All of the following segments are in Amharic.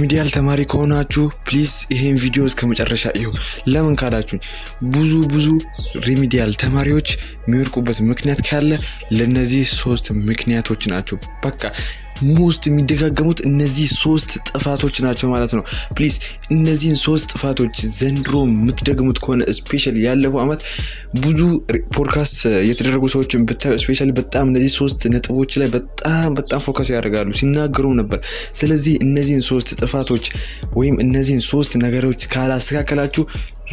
ሚዲያል ተማሪ ከሆናችሁ ፕሊዝ ይሄን ቪዲዮ እስከ መጨረሻ እዩ። ለምን ካላችሁ ብዙ ብዙ ሪሚዲያል ተማሪዎች የሚወድቁበት ምክንያት ካለ ለእነዚህ ሶስት ምክንያቶች ናቸው። በቃ ሞስት የሚደጋገሙት እነዚህ ሶስት ጥፋቶች ናቸው ማለት ነው። ፕሊዝ እነዚህን ሶስት ጥፋቶች ዘንድሮ የምትደግሙት ከሆነ ስፔሻል ያለፈው አመት ብዙ ፖድካስት የተደረጉ ሰዎችን ብታዩ ስፔሻል በጣም እነዚህ ሶስት ነጥቦች ላይ በጣም በጣም ፎከስ ያደርጋሉ ሲናገሩም ነበር። ስለዚህ እነዚህን ሶስት ጥፋቶች ወይም እነዚህን ሶስት ነገሮች ካላስተካከላችሁ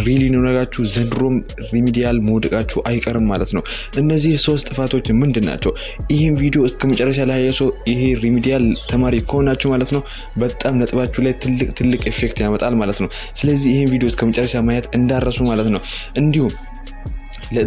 ሪሊ ንነጋችሁ ዘንድሮም ሪሚዲያል መውደቃችሁ አይቀርም ማለት ነው። እነዚህ ሶስት ጥፋቶች ምንድን ናቸው? ይህም ቪዲዮ እስከ መጨረሻ ላይ ሰው ይሄ ሪሚዲያል ተማሪ ከሆናችሁ ማለት ነው በጣም ነጥባችሁ ላይ ትልቅ ትልቅ ኤፌክት ያመጣል ማለት ነው። ስለዚህ ይህን ቪዲዮ እስከ መጨረሻ ማየት እንዳረሱ ማለት ነው እንዲሁም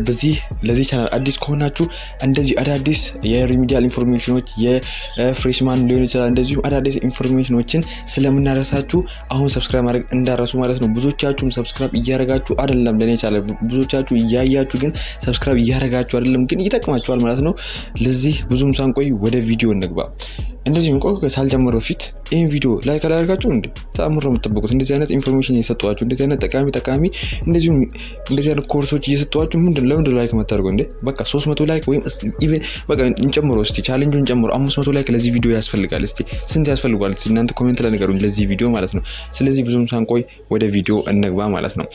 በዚህ ለዚህ ቻናል አዲስ ከሆናችሁ እንደዚህ አዳዲስ የሪሚዲያል ኢንፎርሜሽኖች የፍሬሽማን ሊሆን ይችላል እንደዚሁም አዳዲስ ኢንፎርሜሽኖችን ስለምናደርሳችሁ አሁን ሰብስክራይብ ማድረግ እንዳረሱ ማለት ነው። ብዙዎቻችሁም ሰብስክራይብ እያደረጋችሁ አይደለም፣ ለእኔ ቻለ ብዙዎቻችሁ እያያችሁ ግን ሰብስክራይብ እያደረጋችሁ አይደለም፣ ግን ይጠቅማችኋል ማለት ነው። ለዚህ ብዙም ሳንቆይ ወደ ቪዲዮ እንግባ። እንደዚህ ምቆ ሳልጀምር በፊት ይህን ቪዲዮ ላይ ካላደርጋችሁ እንዴ ተአምሮ ነው የምጠብቁት። እንደዚህ አይነት ኢንፎርሜሽን እየሰጠዋችሁ እንደዚህ አይነት ጠቃሚ ጠቃሚ እንደዚሁም እንደዚህ አይነት ኮርሶች እየሰጠዋችሁ ምንድን ለምንድን ላይክ የምታደርገው እንዴ? በቃ ሶስት መቶ ላይክ ወይም በቃ እንጨምሮ እስቲ ቻሌንጁን ጨምሮ አምስት መቶ ላይክ ለዚህ ቪዲዮ ያስፈልጋል። እስቲ ስንት ያስፈልጓል? እናንተ ኮሜንት ላይ ነገሩኝ ለዚህ ቪዲዮ ማለት ነው። ስለዚህ ብዙም ሳንቆይ ወደ ቪዲዮ እንግባ ማለት ነው።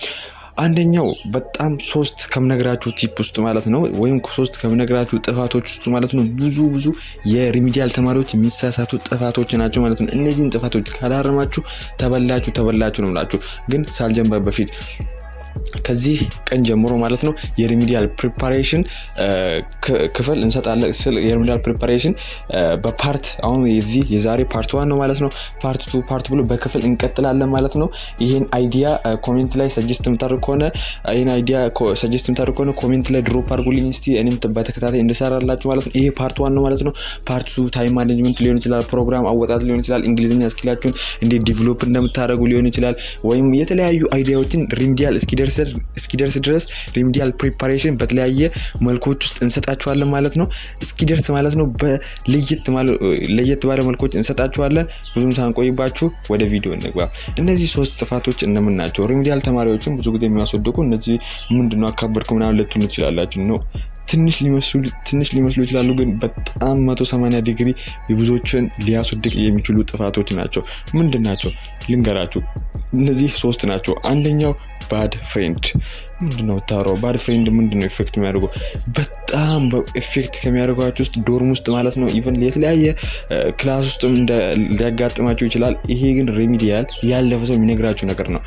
አንደኛው በጣም ሶስት ከምነግራችሁ ቲፕ ውስጥ ማለት ነው ወይም ሶስት ከምነግራችሁ ጥፋቶች ውስጥ ማለት ነው ብዙ ብዙ የሪሚዲያል ተማሪዎች የሚሳሳቱ ጥፋቶች ናቸው ማለት ነው። እነዚህን ጥፋቶች ካላረማችሁ ተበላችሁ ተበላችሁ ነው ምላችሁ ግን ሳልጀምበር በፊት ከዚህ ቀን ጀምሮ ማለት ነው የሪሚዲያል ፕሪፓሬሽን ክፍል እንሰጣለን። የሪሚዲያል ፕሪፓሬሽን በፓርት አሁን የዚህ የዛሬ ፓርት ዋን ነው ማለት ነው። ፓርት ቱ ፓርት ብሎ በክፍል እንቀጥላለን ማለት ነው። ይህን አይዲያ ኮሜንት ላይ ሰጀስት የምታደርግ ከሆነ ይህን አይዲያ ሰጀስት የምታደርግ ከሆነ ኮሜንት ላይ ድሮፕ አድርጉልኝ እስኪ እኔም በተከታታይ እንድሰራላችሁ ማለት ነው። ይሄ ፓርት ዋን ነው ማለት ነው። ፓርት ቱ ታይም ማኔጅመንት ሊሆን ይችላል፣ ፕሮግራም አወጣት ሊሆን ይችላል፣ እንግሊዝኛ እስኪላችሁን እንዴት ዲቨሎፕ እንደምታደርጉ ሊሆን ይችላል፣ ወይም የተለያዩ አይዲያዎችን ሪሚዲያል እስኪደ እስኪደርስ ድረስ ሪሚዲያል ፕሪፓሬሽን በተለያየ መልኮች ውስጥ እንሰጣችኋለን ማለት ነው። እስኪደርስ ማለት ነው ለየት ባለ መልኮች እንሰጣችኋለን። ብዙም ሳንቆይባችሁ ወደ ቪዲዮ እንግባ። እነዚህ ሶስት ጥፋቶች እነምን ናቸው? ሪሚዲያል ተማሪዎችን ብዙ ጊዜ የሚያስወድቁ እነዚህ ምንድነው አካበድኩ ምናምን ልትሉ ትችላላችሁ ነው ትንሽ ሊመስሉ ይችላሉ፣ ግን በጣም 180 ዲግሪ የብዙዎችን ሊያስወድቅ የሚችሉ ጥፋቶች ናቸው። ምንድን ናቸው ልንገራችሁ። እነዚህ ሶስት ናቸው። አንደኛው ባድ ፍሬንድ ምንድነው? ታሮ ባድ ፍሬንድ ምንድነው ኢፌክት የሚያደርጉ በጣም ኢፌክት ከሚያደርጓቸው ውስጥ ዶርም ውስጥ ማለት ነው። ኢቨን የተለያየ ክላስ ውስጥም ሊያጋጥማቸው ይችላል። ይሄ ግን ሬሚዲያል ያለፈ ሰው የሚነግራቸው ነገር ነው።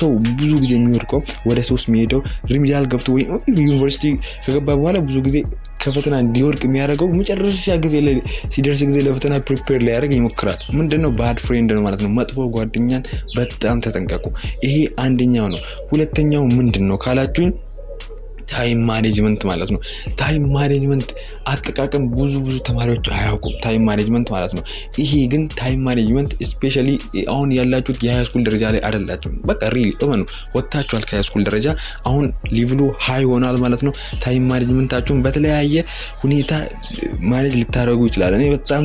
ሰው ብዙ ጊዜ የሚወድቀው ወደ ሶስት የሚሄደው ሬሚዲያል ገብቶ ወይ ዩኒቨርሲቲ ከገባ በኋላ ብዙ ጊዜ ከፈተና እንዲወርቅ የሚያደርገው መጨረሻ ጊዜ ላይ ሲደርስ ጊዜ ለፈተና ፕሪፔር ሊያደርግ ይሞክራል። ምንድን ነው ባድ ፍሬንድ ነው ማለት ነው። መጥፎ ጓደኛን በጣም ተጠንቀቁ። ይሄ አንደኛው ነው። ሁለተኛው ምንድን ነው ካላችሁኝ ታይም ማኔጅመንት ማለት ነው። ታይም ማኔጅመንት አጠቃቀም ብዙ ብዙ ተማሪዎች አያውቁም፣ ታይም ማኔጅመንት ማለት ነው። ይሄ ግን ታይም ማኔጅመንት ስፔሻሊ አሁን ያላችሁት የሃይስኩል ደረጃ ላይ አይደላችሁም። በቃ ሪል እመኑ፣ ወጥታችኋል ከሃይስኩል ደረጃ። አሁን ሊቭሉ ሀይ ሆኗል ማለት ነው። ታይም ማኔጅመንታችሁን በተለያየ ሁኔታ ማኔጅ ልታደረጉ ይችላል። እኔ በጣም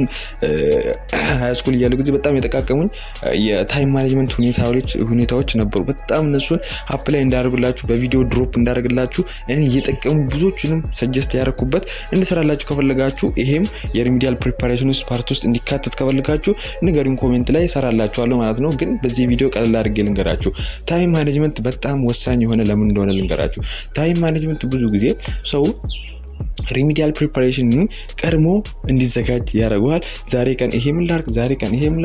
ሃይስኩል እያለሁ ጊዜ በጣም የጠቃቀሙኝ የታይም ማኔጅመንት ሁኔታዎች ነበሩ። በጣም እነሱን አፕላይ እንዳደርጉላችሁ በቪዲዮ ድሮፕ እንዳደርግላችሁ እኔ እየጠቀሙ ብዙዎችንም ሰጀስት ያደረኩበት እንድሰራ እንዲሰራላችሁ ከፈለጋችሁ ይሄም የሪሚዲያል ፕሪፓሬሽን ውስጥ ፓርት ውስጥ እንዲካተት ከፈለጋችሁ ንገሪን ኮሜንት ላይ ይሰራላችኋለሁ ማለት ነው። ግን በዚህ ቪዲዮ ቀለል አድርጌ ልንገራችሁ። ታይም ማኔጅመንት በጣም ወሳኝ የሆነ ለምን እንደሆነ ልንገራችሁ። ታይም ማኔጅመንት ብዙ ጊዜ ሰው ሪሚዲያል ፕሪፓሬሽን ቀድሞ እንዲዘጋጅ ያደርገዋል። ዛሬ ቀን ይሄ ምን ዛሬ ቀን ይሄ ምን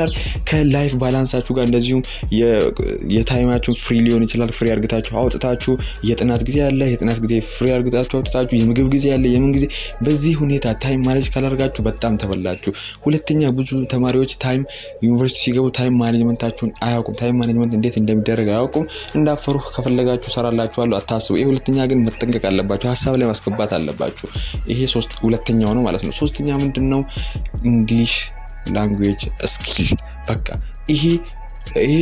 ከላይፍ ባላንሳችሁ ጋር እንደዚሁም የታይማችሁን ፍሪ ሊሆን ይችላል። ፍሪ አርግታችሁ አውጥታችሁ የጥናት ጊዜ ያለ የጥናት ጊዜ ፍሪ አርግታችሁ አውጥታችሁ የምግብ ጊዜ ያለ የምን ጊዜ በዚህ ሁኔታ ታይም ማኔጅ ካላርጋችሁ በጣም ተበላችሁ። ሁለተኛ ብዙ ተማሪዎች ታይም ዩኒቨርሲቲ ሲገቡ ታይም ማኔጅመንታችሁን አያውቁም። ታይም ማኔጅመንት እንዴት እንደሚደረግ አያውቁም። እንዳፈሩ ከፈለጋችሁ ሰራላችኋለሁ አታስቡ። ይህ ሁለተኛ ግን መጠንቀቅ አለባችሁ፣ ሀሳብ ላይ ማስገባት አለባችሁ። ይሄ ሶስት ሁለተኛው ነው ማለት ነው። ሶስተኛ ምንድን ነው? እንግሊሽ ላንጉዌጅ ስኪል በቃ ይሄ ይሄ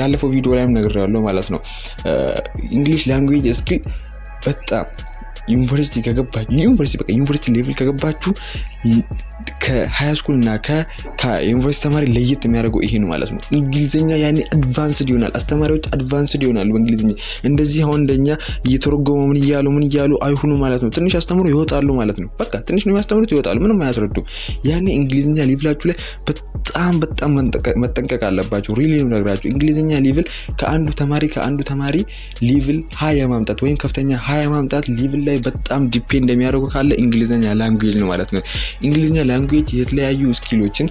ያለፈው ቪዲዮ ላይም ነግሬያለሁ ማለት ነው። እንግሊሽ ላንጉዌጅ ስኪል በጣም ዩኒቨርሲቲ ከገባችሁ ዩኒቨርሲቲ በቃ ዩኒቨርሲቲ ሌቭል ከገባችሁ ከሀያ እና ከዩኒቨርሲቲ ተማሪ ለየት የሚያደርገው ይሄ ነው ማለት ነው። እንግሊዝኛ ያኔ አድቫንስድ ይሆናል፣ አስተማሪዎች አድቫንስድ ይሆናሉ በእንግሊዝኛ። እንደዚህ አሁን እንደኛ እየተረጎመ ምን እያሉ ምን እያሉ አይሁኑ ማለት ነው። ትንሽ አስተምሮ ይወጣሉ ማለት ነው። በቃ ትንሽ ነው የሚያስተምሩት፣ ይወጣሉ፣ ምንም አያስረዱም። ያኔ እንግሊዝኛ ሊቭላችሁ ላይ በጣም በጣም መጠንቀቅ አለባቸው ሪሊ ነው ነግራችሁ። እንግሊዝኛ ሊቭል ከአንዱ ተማሪ ከአንዱ ተማሪ ሊቭል ሀያ ማምጣት ወይም ከፍተኛ ሀያ ማምጣት ሊቭል ላይ በጣም ዲፔንድ የሚያደርጉ ካለ እንግሊዝኛ ላንጉጅ ነው ማለት ነው። እንግሊዝኛ ላንጉጅ የተለያዩ ስኪሎችን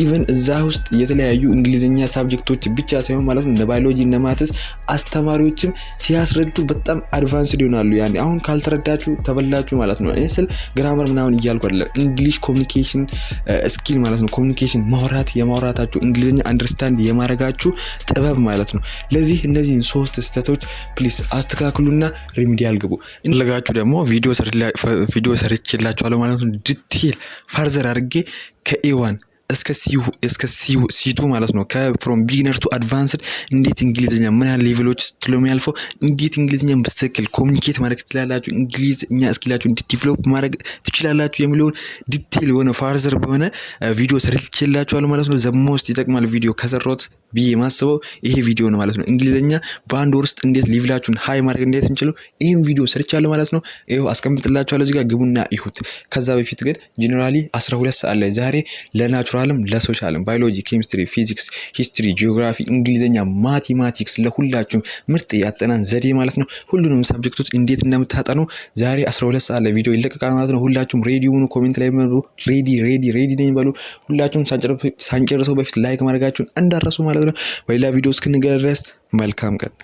ኢቨን እዛ ውስጥ የተለያዩ እንግሊዝኛ ሳብጀክቶች ብቻ ሳይሆን ማለት ነው እንደ ባዮሎጂ እነ ማትስ አስተማሪዎችም ሲያስረዱ በጣም አድቫንስድ ይሆናሉ። ያኔ አሁን ካልተረዳችሁ ተበላችሁ ማለት ነው። እኔ ስል ግራመር ምናምን እያልኩ አይደለም፣ እንግሊሽ ኮሚኒኬሽን ስኪል ማለት ነው። ኮሚኒኬሽን ማውራት፣ የማውራታችሁ እንግሊዝኛ አንደርስታንድ የማረጋችሁ ጥበብ ማለት ነው። ለዚህ እነዚህን ሶስት ስህተቶች ፕሊስ አስተካክሉና ሪሚዲያል ግቡ። እንለጋችሁ ደግሞ ቪዲዮ ሰርችላችኋለሁ ማለት ነው ዲቴል ፋርዘር አድርጌ ከኢዋን እስከ እስከ ሲቱ ማለት ነው። ከፍሮም ቢግነር ቱ አድቫንስድ እንዴት እንግሊዝኛ ምን ያህል ስትሎ የሚያልፈው እንዴት እንግሊዝኛ በትክክል ኮሚኒኬት ማድረግ ትችላላችሁ፣ እንግሊዝኛ እስኪላችሁ ዲቨሎፕ ማድረግ ትችላላችሁ የሚለውን ዲቴል የሆነ ፋርዘር በሆነ ቪዲዮ ትችላችኋል ማለት ነው። ዘሞስት ይጠቅማል ቪዲዮ ከሰራሁት ብዬ ማስበው ይሄ ቪዲዮ ነው ማለት ነው። እንግሊዝኛ በአንድ ወር ውስጥ እንዴት ሌቭላችሁን ሀይ ማድረግ እንዴት እንችለው ይህም ቪዲዮ ሰርቻለሁ ማለት ነው። ይኸው አስቀምጥላችኋለሁ እዚጋ ግቡና ይሁት። ከዛ በፊት ግን ጀኔራሊ 12 ሰዓት ላይ ዛሬ ለናቹ ናቹራልም ለሶሻልም ባዮሎጂ፣ ኬሚስትሪ፣ ፊዚክስ፣ ሂስትሪ፣ ጂኦግራፊ፣ እንግሊዝኛ፣ ማቴማቲክስ ለሁላችሁም ምርጥ ያጠናን ዘዴ ማለት ነው። ሁሉንም ሰብጀክቶች እንዴት እንደምታጠኑ ዛሬ 12 ሰዓት ላይ ቪዲዮ ይለቀቃል ማለት ነው። ሁላችሁም ሬዲ ሁኑ። ኮሜንት ላይ በሉ ሬዲ ሬዲ ሬዲ ነኝ በሉ። ሁላችሁም ሳንጨርሰው በፊት ላይክ ማድረጋችሁን እንዳረሱ ማለት ነው። በሌላ ቪዲዮ እስክንገናኝ ድረስ መልካም ቀን